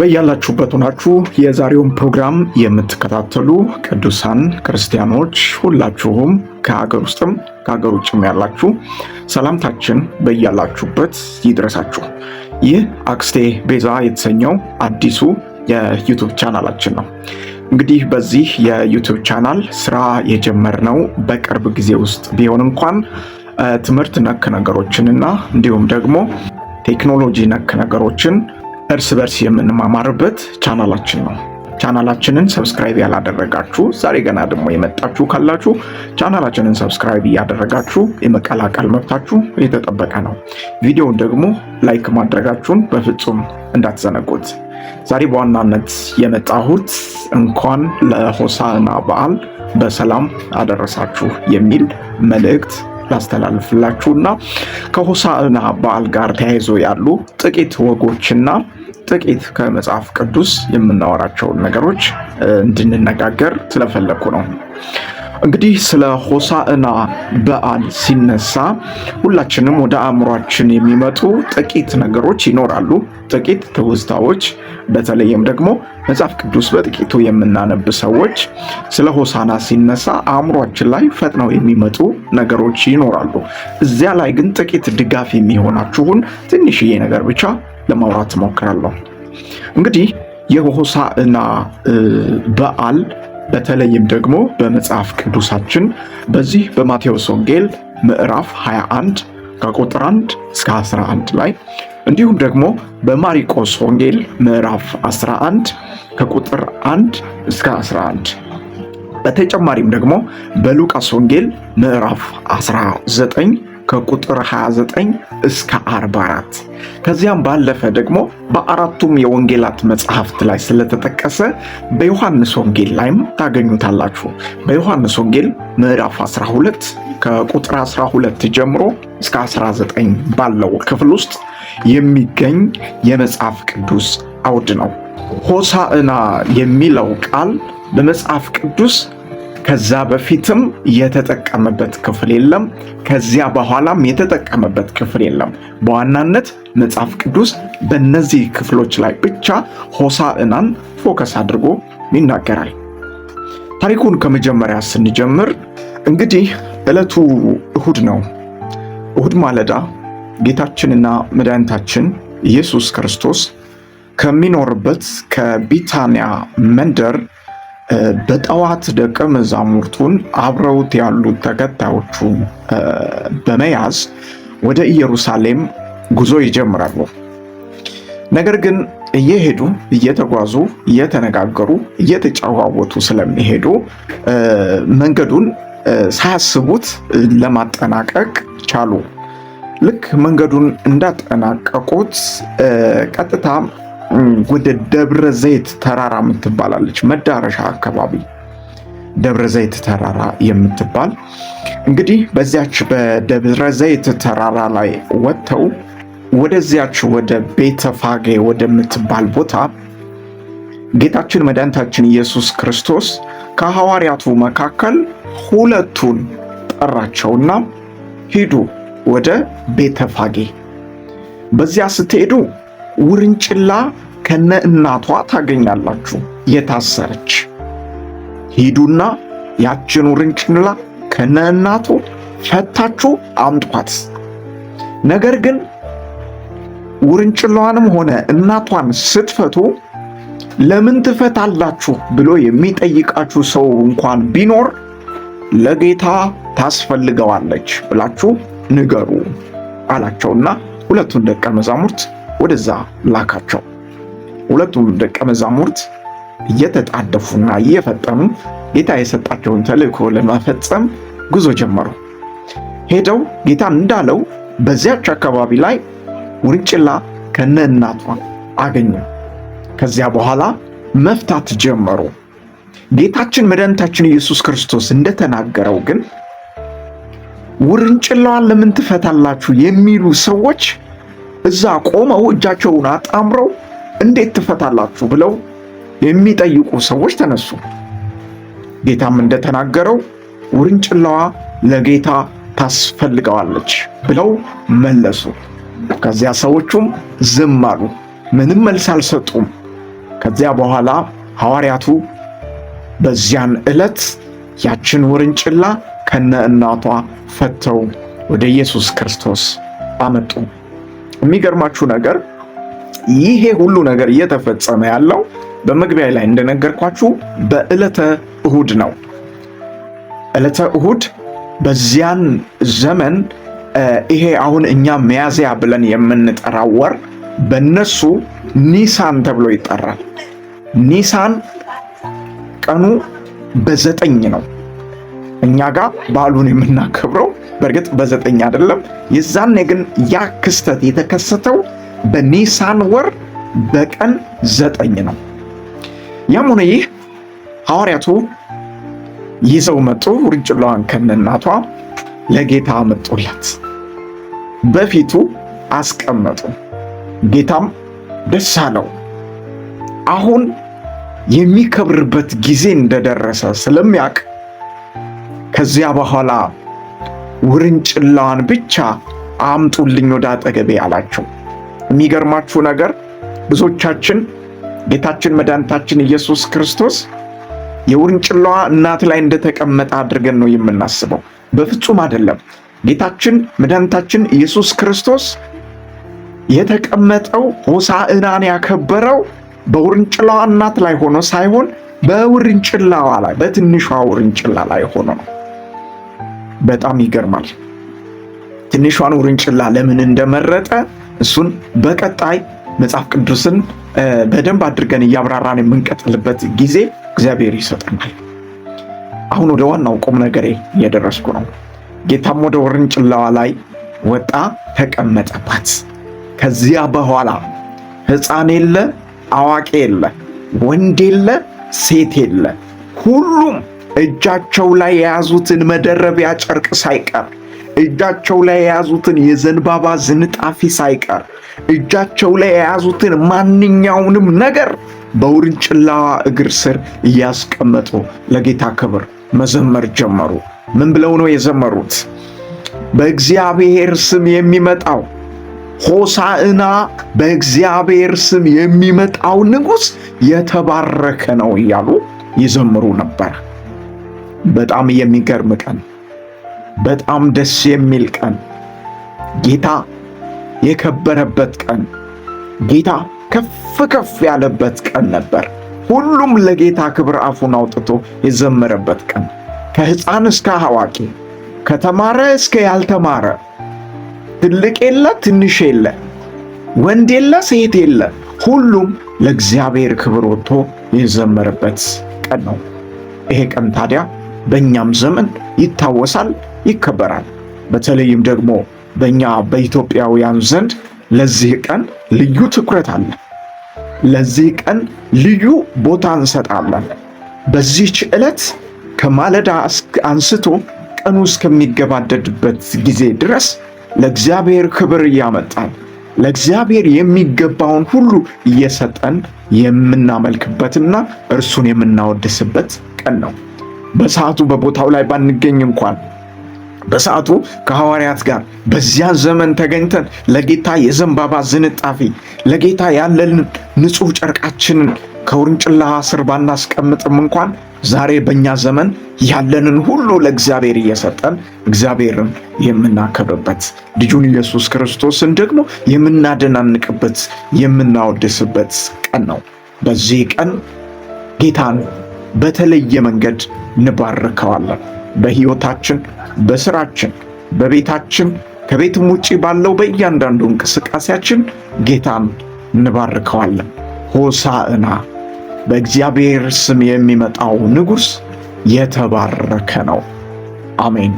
በያላችሁበት ሆናችሁ የዛሬውን ፕሮግራም የምትከታተሉ ቅዱሳን ክርስቲያኖች ሁላችሁም ከሀገር ውስጥም ከሀገር ውጭም ያላችሁ ሰላምታችን በያላችሁበት ይድረሳችሁ። ይህ አክስቴ ቤዛ የተሰኘው አዲሱ የዩቱብ ቻናላችን ነው። እንግዲህ በዚህ የዩቱብ ቻናል ስራ የጀመርነው በቅርብ ጊዜ ውስጥ ቢሆን እንኳን ትምህርት ነክ ነገሮችንና እንዲሁም ደግሞ ቴክኖሎጂ ነክ ነገሮችን እርስ በርስ የምንማማርበት ቻናላችን ነው። ቻናላችንን ሰብስክራይብ ያላደረጋችሁ ዛሬ ገና ደግሞ የመጣችሁ ካላችሁ ቻናላችንን ሰብስክራይብ እያደረጋችሁ የመቀላቀል መብታችሁ የተጠበቀ ነው። ቪዲዮውን ደግሞ ላይክ ማድረጋችሁን በፍጹም እንዳትዘነጉት። ዛሬ በዋናነት የመጣሁት እንኳን ለሆሳዕና በዓል በሰላም አደረሳችሁ የሚል መልእክት ላስተላልፍላችሁና ከሆሳዕና በዓል ጋር ተያይዞ ያሉ ጥቂት ወጎችና ጥቂት ከመጽሐፍ ቅዱስ የምናወራቸውን ነገሮች እንድንነጋገር ስለፈለግኩ ነው። እንግዲህ ስለ ሆሳዕና በዓል ሲነሳ ሁላችንም ወደ አእምሯችን የሚመጡ ጥቂት ነገሮች ይኖራሉ፣ ጥቂት ትውስታዎች። በተለይም ደግሞ መጽሐፍ ቅዱስ በጥቂቱ የምናነብ ሰዎች ስለ ሆሳዕና ሲነሳ አእምሯችን ላይ ፈጥነው የሚመጡ ነገሮች ይኖራሉ። እዚያ ላይ ግን ጥቂት ድጋፍ የሚሆናችሁን ትንሽዬ ነገር ብቻ ለማውራት እሞክራለሁ። እንግዲህ የሆሳዕና በዓል በተለይም ደግሞ በመጽሐፍ ቅዱሳችን በዚህ በማቴዎስ ወንጌል ምዕራፍ 21 ከቁጥር 1 እስከ 11 ላይ እንዲሁም ደግሞ በማሪቆስ ወንጌል ምዕራፍ 11 ከቁጥር 1 እስከ 11 በተጨማሪም ደግሞ በሉቃስ ወንጌል ምዕራፍ 19 ከቁጥር 29 እስከ 44 ከዚያም ባለፈ ደግሞ በአራቱም የወንጌላት መጽሐፍት ላይ ስለተጠቀሰ በዮሐንስ ወንጌል ላይም ታገኙታላችሁ። በዮሐንስ ወንጌል ምዕራፍ 12 ከቁጥር 12 ጀምሮ እስከ 19 ባለው ክፍል ውስጥ የሚገኝ የመጽሐፍ ቅዱስ አውድ ነው። ሆሳዕና የሚለው ቃል በመጽሐፍ ቅዱስ ከዛ በፊትም የተጠቀመበት ክፍል የለም። ከዚያ በኋላም የተጠቀመበት ክፍል የለም። በዋናነት መጽሐፍ ቅዱስ በእነዚህ ክፍሎች ላይ ብቻ ሆሳዕናን ፎከስ አድርጎ ይናገራል። ታሪኩን ከመጀመሪያ ስንጀምር እንግዲህ ዕለቱ እሁድ ነው። እሁድ ማለዳ ጌታችንና መድኃኒታችን ኢየሱስ ክርስቶስ ከሚኖርበት ከቢታንያ መንደር በጠዋት ደቀ መዛሙርቱን አብረውት ያሉት ተከታዮቹ በመያዝ ወደ ኢየሩሳሌም ጉዞ ይጀምራሉ። ነገር ግን እየሄዱ እየተጓዙ እየተነጋገሩ እየተጨዋወቱ ስለሚሄዱ መንገዱን ሳያስቡት ለማጠናቀቅ ቻሉ። ልክ መንገዱን እንዳጠናቀቁት ቀጥታ ወደ ደብረ ዘይት ተራራ የምትባላለች መዳረሻ አካባቢ ደብረ ዘይት ተራራ የምትባል እንግዲህ በዚያች በደብረ ዘይት ተራራ ላይ ወጥተው ወደዚያች ወደ ቤተፋጌ ወደምትባል ቦታ ጌታችን መድኃኒታችን ኢየሱስ ክርስቶስ ከሐዋርያቱ መካከል ሁለቱን ጠራቸውና ሂዱ ወደ ቤተፋጌ። በዚያ ስትሄዱ ውርንጭላ ከነ እናቷ ታገኛላችሁ የታሰረች። ሂዱና ያችን ውርንጭላ ከነ እናቱ ፈታችሁ አምጧት። ነገር ግን ውርንጭላዋንም ሆነ እናቷን ስትፈቱ ለምን ትፈታላችሁ ብሎ የሚጠይቃችሁ ሰው እንኳን ቢኖር ለጌታ ታስፈልገዋለች ብላችሁ ንገሩ አላቸውና ሁለቱን ደቀ መዛሙርት ወደዛ ላካቸው። ሁለቱም ደቀ መዛሙርት እየተጣደፉና እየፈጠኑ ጌታ የሰጣቸውን ተልእኮ ለመፈጸም ጉዞ ጀመሩ። ሄደው ጌታ እንዳለው በዚያች አካባቢ ላይ ውርንጭላ ከነ እናቷ አገኘ። ከዚያ በኋላ መፍታት ጀመሩ። ጌታችን መድኃኒታችን ኢየሱስ ክርስቶስ እንደተናገረው ግን ውርንጭላዋን ለምን ትፈታላችሁ የሚሉ ሰዎች እዛ ቆመው እጃቸውን አጣምረው እንዴት ትፈታላችሁ ብለው የሚጠይቁ ሰዎች ተነሱ። ጌታም እንደተናገረው ውርንጭላዋ ለጌታ ታስፈልገዋለች ብለው መለሱ። ከዚያ ሰዎቹም ዝም አሉ፣ ምንም መልስ አልሰጡም። ከዚያ በኋላ ሐዋርያቱ በዚያን ዕለት ያችን ውርንጭላ ከነ እናቷ ፈተው ወደ ኢየሱስ ክርስቶስ አመጡ። የሚገርማችሁ ነገር ይሄ ሁሉ ነገር እየተፈጸመ ያለው በመግቢያ ላይ እንደነገርኳችሁ በዕለተ እሁድ ነው። ዕለተ እሁድ በዚያን ዘመን ይሄ አሁን እኛ ሚያዝያ ብለን የምንጠራው ወር በነሱ ኒሳን ተብሎ ይጠራል። ኒሳን ቀኑ በዘጠኝ ነው። እኛ ጋር በዓሉን የምናከብረው በእርግጥ በዘጠኝ አይደለም። የዛኔ ግን ያ ክስተት የተከሰተው በኒሳን ወር በቀን ዘጠኝ ነው። ያም ሆነ ይህ ሐዋርያቱ ይዘው መጡ። ውርንጭላዋን ከነናቷ ለጌታ መጡላት፣ በፊቱ አስቀመጡ። ጌታም ደስ አለው። አሁን የሚከብርበት ጊዜ እንደደረሰ ስለሚያውቅ ከዚያ በኋላ ውርንጭላዋን ብቻ አምጡልኝ ወደ አጠገቤ አላቸው። የሚገርማችሁ ነገር ብዙዎቻችን ጌታችን መድኃኒታችን ኢየሱስ ክርስቶስ የውርንጭላዋ እናት ላይ እንደተቀመጠ አድርገን ነው የምናስበው። በፍጹም አይደለም። ጌታችን መድኃኒታችን ኢየሱስ ክርስቶስ የተቀመጠው ሆሳዕናን ያከበረው በውርንጭላዋ እናት ላይ ሆኖ ሳይሆን በውርንጭላዋ ላይ በትንሿ ውርንጭላ ላይ ሆኖ ነው። በጣም ይገርማል። ትንሿን ውርንጭላ ለምን እንደመረጠ እሱን በቀጣይ መጽሐፍ ቅዱስን በደንብ አድርገን እያብራራን የምንቀጥልበት ጊዜ እግዚአብሔር ይሰጠናል። አሁን ወደ ዋናው ቁም ነገሬ እየደረስኩ ነው። ጌታም ወደ ውርንጭላዋ ላይ ወጣ ተቀመጠባት። ከዚያ በኋላ ሕፃን የለ፣ አዋቂ የለ፣ ወንድ የለ፣ ሴት የለ፣ ሁሉም እጃቸው ላይ የያዙትን መደረቢያ ጨርቅ ሳይቀር እጃቸው ላይ የያዙትን የዘንባባ ዝንጣፊ ሳይቀር እጃቸው ላይ የያዙትን ማንኛውንም ነገር በውርንጭላዋ እግር ስር እያስቀመጡ ለጌታ ክብር መዘመር ጀመሩ። ምን ብለው ነው የዘመሩት? በእግዚአብሔር ስም የሚመጣው ሆሳዕና በእግዚአብሔር ስም የሚመጣው ንጉሥ የተባረከ ነው እያሉ ይዘምሩ ነበር። በጣም የሚገርም ቀን፣ በጣም ደስ የሚል ቀን፣ ጌታ የከበረበት ቀን፣ ጌታ ከፍ ከፍ ያለበት ቀን ነበር። ሁሉም ለጌታ ክብር አፉን አውጥቶ የዘመረበት ቀን፣ ከሕፃን እስከ አዋቂ፣ ከተማረ እስከ ያልተማረ፣ ትልቅ የለ ትንሽ የለ፣ ወንድ የለ ሴት የለ፣ ሁሉም ለእግዚአብሔር ክብር ወጥቶ የዘመረበት ቀን ነው። ይሄ ቀን ታዲያ በእኛም ዘመን ይታወሳል፣ ይከበራል። በተለይም ደግሞ በእኛ በኢትዮጵያውያን ዘንድ ለዚህ ቀን ልዩ ትኩረት አለ። ለዚህ ቀን ልዩ ቦታ እንሰጣለን። በዚህች ዕለት ከማለዳ አንስቶ ቀኑ እስከሚገባደድበት ጊዜ ድረስ ለእግዚአብሔር ክብር እያመጣን ለእግዚአብሔር የሚገባውን ሁሉ እየሰጠን የምናመልክበትና እርሱን የምናወድስበት ቀን ነው። በሰዓቱ በቦታው ላይ ባንገኝ እንኳን በሰዓቱ ከሐዋርያት ጋር በዚያ ዘመን ተገኝተን ለጌታ የዘንባባ ዝንጣፊ ለጌታ ያለንን ንጹሕ ጨርቃችንን ከውርንጭላ ስር ባናስቀምጥም እንኳን ዛሬ በእኛ ዘመን ያለንን ሁሉ ለእግዚአብሔር እየሰጠን እግዚአብሔርን የምናከብርበት ልጁን ኢየሱስ ክርስቶስን ደግሞ የምናደናንቅበት የምናወድስበት ቀን ነው። በዚህ ቀን ጌታን በተለየ መንገድ እንባርከዋለን። በሕይወታችን፣ በስራችን፣ በቤታችን ከቤትም ውጪ ባለው በእያንዳንዱ እንቅስቃሴያችን ጌታን እንባርከዋለን። ሆሳዕና በእግዚአብሔር ስም የሚመጣው ንጉሥ የተባረከ ነው። አሜን።